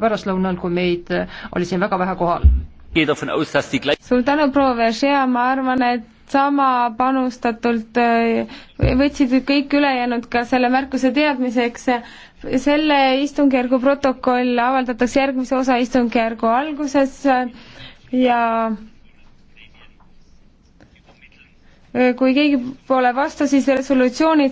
pärastlõunal, kui meid äh, oli siin väga vähe kohal. suur tänu, proua Veržea, ma arvan, et sama panustatult äh, võtsid kõik ülejäänud ka selle märkuse teadmiseks. selle istungjärgu protokoll avaldatakse järgmise osa istungjärgu alguses ja kui keegi pole vastu, siis resolutsioonid